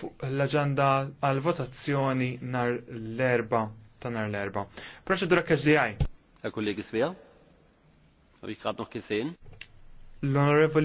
fuq l-aġenda għal votazzjoni nar l-erba ta' nar l-erba. Proċedura KGI. Kollegi Svija, għabik għadnu kisin. L-Onorevoli